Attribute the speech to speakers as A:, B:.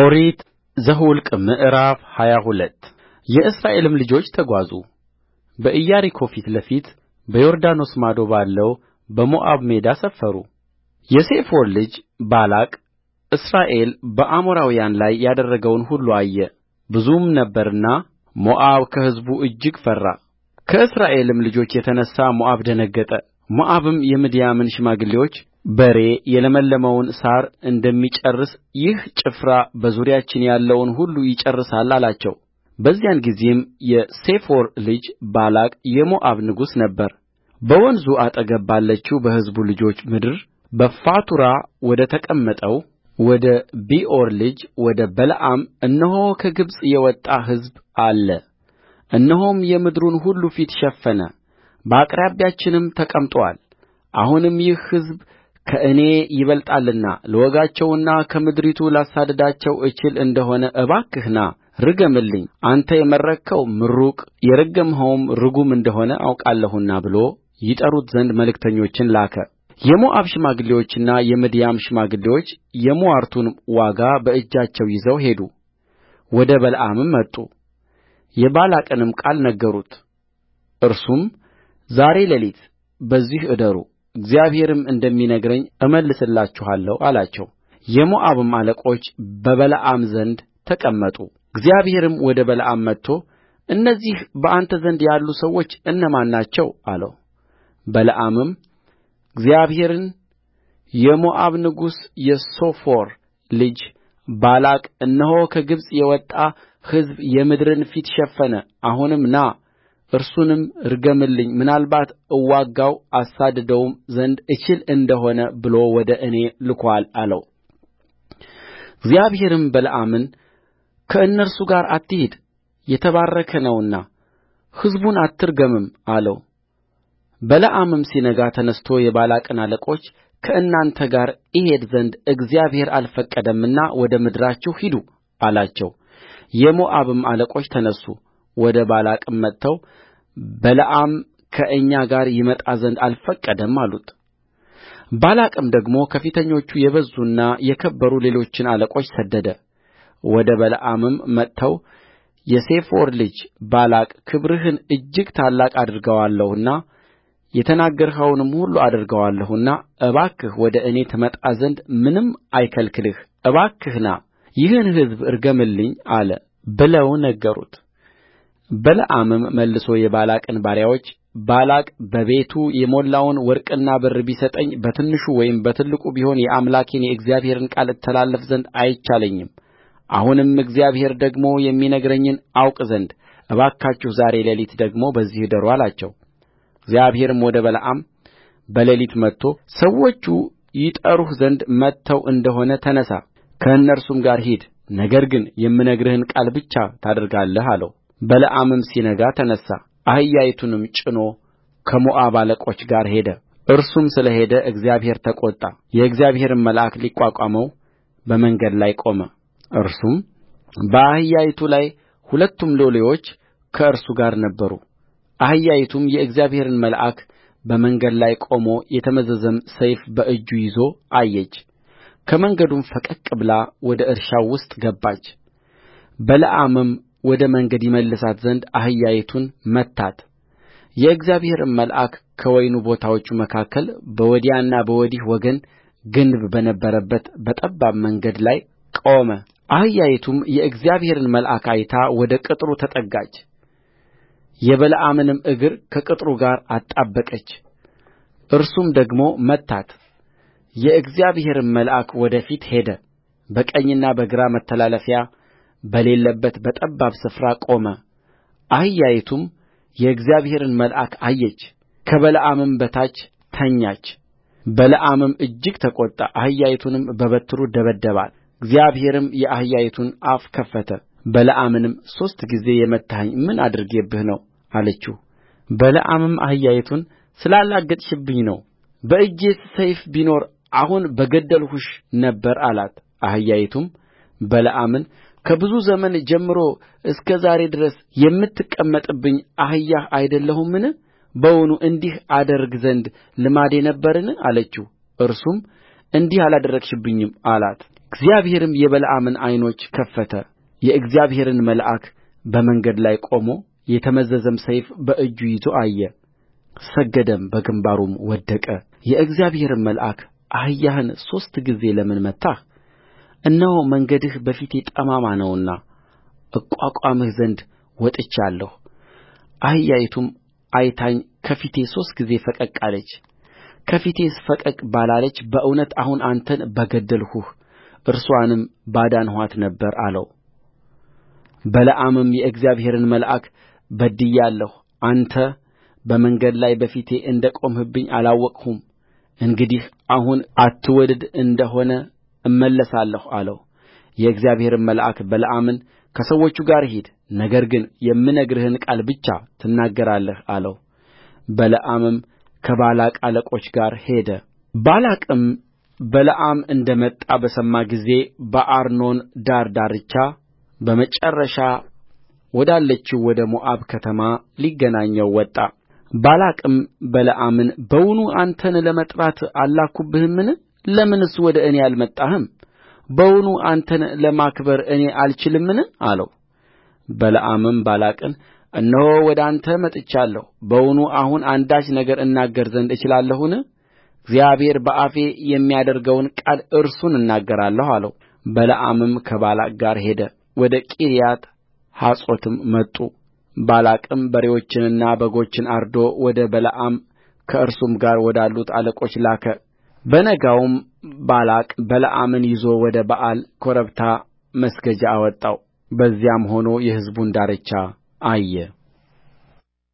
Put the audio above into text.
A: ኦሪት ዘኍልቍ ምዕራፍ ሃያ ሁለት የእስራኤልም ልጆች ተጓዙ በኢያሪኮ ፊት ለፊት በዮርዳኖስ ማዶ ባለው በሞዓብ ሜዳ ሰፈሩ የሴፎር ልጅ ባላቅ እስራኤል በአሞራውያን ላይ ያደረገውን ሁሉ አየ ብዙም ነበርና ሞዓብ ከሕዝቡ እጅግ ፈራ ከእስራኤልም ልጆች የተነሣ ሞዓብ ደነገጠ ሞዓብም የምድያምን ሽማግሌዎች በሬ የለመለመውን ሣር እንደሚጨርስ ይህ ጭፍራ በዙሪያችን ያለውን ሁሉ ይጨርሳል አላቸው በዚያን ጊዜም የሴፎር ልጅ ባላቅ የሞዓብ ንጉሥ ነበረበወንዙ አጠገብ ባለችው በሕዝቡ ልጆች ምድር በፋቱራ ወደ ተቀመጠው ወደ ቢዖር ልጅ ወደ በለዓም እነሆ ከግብፅ የወጣ ሕዝብ አለ እነሆም የምድሩን ሁሉ ፊት ሸፈነ በአቅራቢያችንም ተቀምጦአል አሁንም ይህ ሕዝብ ከእኔ ይበልጣልና ልወጋቸውና ከምድሪቱ ላሳድዳቸው እችል እንደ ሆነ እባክህ ና ርገምልኝ አንተ የመረቅኸው ምሩቅ የረገምኸውም ርጉም እንደ ሆነ አውቃለሁና ብሎ ይጠሩት ዘንድ መልእክተኞችን ላከ የሞዓብ ሽማግሌዎችና የምድያም ሽማግሌዎች የምዋርቱን ዋጋ በእጃቸው ይዘው ሄዱ ወደ በለዓምም መጡ የባላቅንም ቃል ነገሩት እርሱም ዛሬ ሌሊት በዚህ እደሩ እግዚአብሔርም እንደሚነግረኝ እመልስላችኋለሁ አላቸው የሞዓብም አለቆች በበለዓም ዘንድ ተቀመጡ እግዚአብሔርም ወደ በለዓም መጥቶ እነዚህ በአንተ ዘንድ ያሉ ሰዎች እነማን ናቸው አለው በለዓምም እግዚአብሔርን የሞዓብ ንጉሥ የሴፎር ልጅ ባላቅ እነሆ ከግብፅ የወጣ ሕዝብ የምድርን ፊት ሸፈነ አሁንም ና እርሱንም ርገምልኝ ምናልባት እወጋው አሳድደውም ዘንድ እችል እንደ ሆነ ብሎ ወደ እኔ ልኮአል አለው እግዚአብሔርም በለዓምን ከእነርሱ ጋር አትሂድ የተባረከ ነውና ሕዝቡን አትርገምም አለው በለዓምም ሲነጋ ተነሥቶ የባላቅን አለቆች ከእናንተ ጋር እሄድ ዘንድ እግዚአብሔር አልፈቀደምና ወደ ምድራችሁ ሂዱ አላቸው የሞዓብም አለቆች ተነሡ ወደ ባላቅም መጥተው በለዓም ከእኛ ጋር ይመጣ ዘንድ አልፈቀደም አሉትባላቅም ደግሞ ከፊተኞቹ የበዙና የከበሩ ሌሎችን አለቆች ሰደደ ወደ በለዓምም መጥተው የሴፎር ልጅ ባላቅ ክብርህን እጅግ ታላቅ አድርገዋለሁና የተናገርኸውንም ሁሉ አደርገዋለሁና እባክህ ወደ እኔ ትመጣ ዘንድ ምንም አይከልክልህ እባክህ ና ይህን ሕዝብ ርገምልኝ አለ ብለው ነገሩት በለዓምም መልሶ የባላቅን ባሪያዎች ባላቅ በቤቱ የሞላውን ወርቅና ብር ቢሰጠኝ በትንሹ ወይም በትልቁ ቢሆን የአምላኬን የእግዚአብሔርን ቃል እተላለፍ ዘንድ አይቻለኝም አሁንም እግዚአብሔር ደግሞ የሚነግረኝን አውቅ ዘንድ እባካችሁ ዛሬ ሌሊት ደግሞ በዚህ እደሩ እግዚአብሔርም ወደ በለዓም በሌሊት መጥቶ ሰዎቹ ይጠሩህ ዘንድ መጥተው እንደሆነ ተነሣ ከእነርሱም ጋር ሂድ ነገር ግን የምነግርህን ቃል ብቻ ታደርጋለህ አለው በለዓምም ሲነጋ ተነሣ አህያይቱንም ጭኖ ከሞዓብ አለቆች ጋር ሄደ እርሱም ስለ ሄደ እግዚአብሔር የእግዚአብሔርም መልአክ ሊቋቋመው በመንገድ ላይ ቆመ እርሱም በአህያይቱ ላይ ሁለቱም ሎሌዎች ከእርሱ ጋር ነበሩ አህያይቱም የእግዚአብሔርን መልአክ በመንገድ ላይ ቆሞ የተመዘዘም ሰይፍ በእጁ ይዞ አየች። ከመንገዱም ፈቀቅ ብላ ወደ እርሻው ውስጥ ገባች። በለዓምም ወደ መንገድ ይመልሳት ዘንድ አህያይቱን መታት የእግዚአብሔርም መልአክ ከወይኑ ቦታዎች መካከል በወዲያና በወዲህ ወገን ግንብ በነበረበት በጠባብ መንገድ ላይ ቆመ አህያይቱም የእግዚአብሔርን መልአክ አይታ ወደ ቅጥሩ ተጠጋች የበለዓምንም እግር ከቅጥሩ ጋር አጣበቀች እርሱም ደግሞ መታት የእግዚአብሔርም መልአክ ወደ ፊት ሄደ በቀኝና በግራ መተላለፊያ በሌለበት በጠባብ ስፍራ ቆመ አህያይቱም የእግዚአብሔርን መልአክ አየች ከበለዓምም በታች ተኛች በለዓምም እጅግ ተቈጣ አህያይቱንም በበትሩ ደበደባት እግዚአብሔርም የአህያይቱን አፍ ከፈተ በለዓምንም ሦስት ጊዜ የመታኸኝ ምን አድርጌብህ ነው አለችው በለዓምም አህያይቱን ስላላገጥሽብኝ ነው በእጄስ ሰይፍ ቢኖር አሁን በገደልሁሽ ነበር አላት አህያይቱም በለዓምን ከብዙ ዘመን ጀምሮ እስከ ዛሬ ድረስ የምትቀመጥብኝ አህያህ አይደለሁምን በውኑ እንዲህ አደርግ ዘንድ ልማዴ ነበረን አለችው እርሱም እንዲህ አላደረግሽብኝም አላት እግዚአብሔርም የበለዓምን ዓይኖች ከፈተ የእግዚአብሔርን መልአክ በመንገድ ላይ ቆሞ የተመዘዘም ሰይፍ በእጁ ይዞ አየ ሰገደም በግንባሩም ወደቀ የእግዚአብሔርን መልአክ አህያህን ሦስት ጊዜ ለምን መታህ እነሆ መንገድህ በፊቴ ጠማማ ነውና እቋቋምህ ዘንድ አህያይቱም አይታኝ ከፊቴ ሦስት ጊዜ ፈቀቅ አለች ከፊቴስ ፈቀቅ ባላለች በእውነት አሁን አንተን በገደልሁህ እርስዋንም ባዳንኋት ነበር አለው በለዓምም የእግዚአብሔርን መልአክ በድያለሁ አንተ በመንገድ ላይ በፊቴ እንደ ቆምህብኝ አላወቅሁም እንግዲህ አሁን አትወድድ እንደ ሆነ እመለሳለሁ አለው የእግዚአብሔርም መልአክ በለዓምን ከሰዎቹ ጋር ሂድ ነገር ግን የምነግርህን ቃል ብቻ ትናገራለህ አለው በለዓምም ከባላቅ አለቆች ጋር ሄደ ባላቅም በለዓም እንደ መጣ በሰማ ጊዜ በአርኖን ዳር ዳርቻ በመጨረሻ ወዳለችው ወደ ሞዓብ ከተማ ሊገናኘው ወጣ ባላቅም በለዓምን በውኑ አንተን ለመጥራት አልላክሁብህምን ለምንስ ወደ እኔ አልመጣህም በውኑ አንተን ለማክበር እኔ አልችልምን አለው በለዓምም ባላቅን እነሆ ወደ አንተ መጥቻለሁ በውኑ አሁን አንዳች ነገር እናገር ዘንድ እችላለሁን እግዚአብሔር በአፌ የሚያደርገውን ቃል እርሱን እናገራለሁ አለው በለዓምም ከባላቅ ጋር ሄደ ወደ ቂርያት ሐጾትም መጡ ባላቅም በሬዎችንና በጎችን አርዶ ወደ በለዓም ከእርሱም ጋር ወዳሉት አለቆች ላከ በነጋውም ባላቅ በለዓምን ይዞ ወደ በኣል ኮረብታ መስገጃ አወጣው በዚያም ሆኖ የሕዝቡን ዳርቻ አየ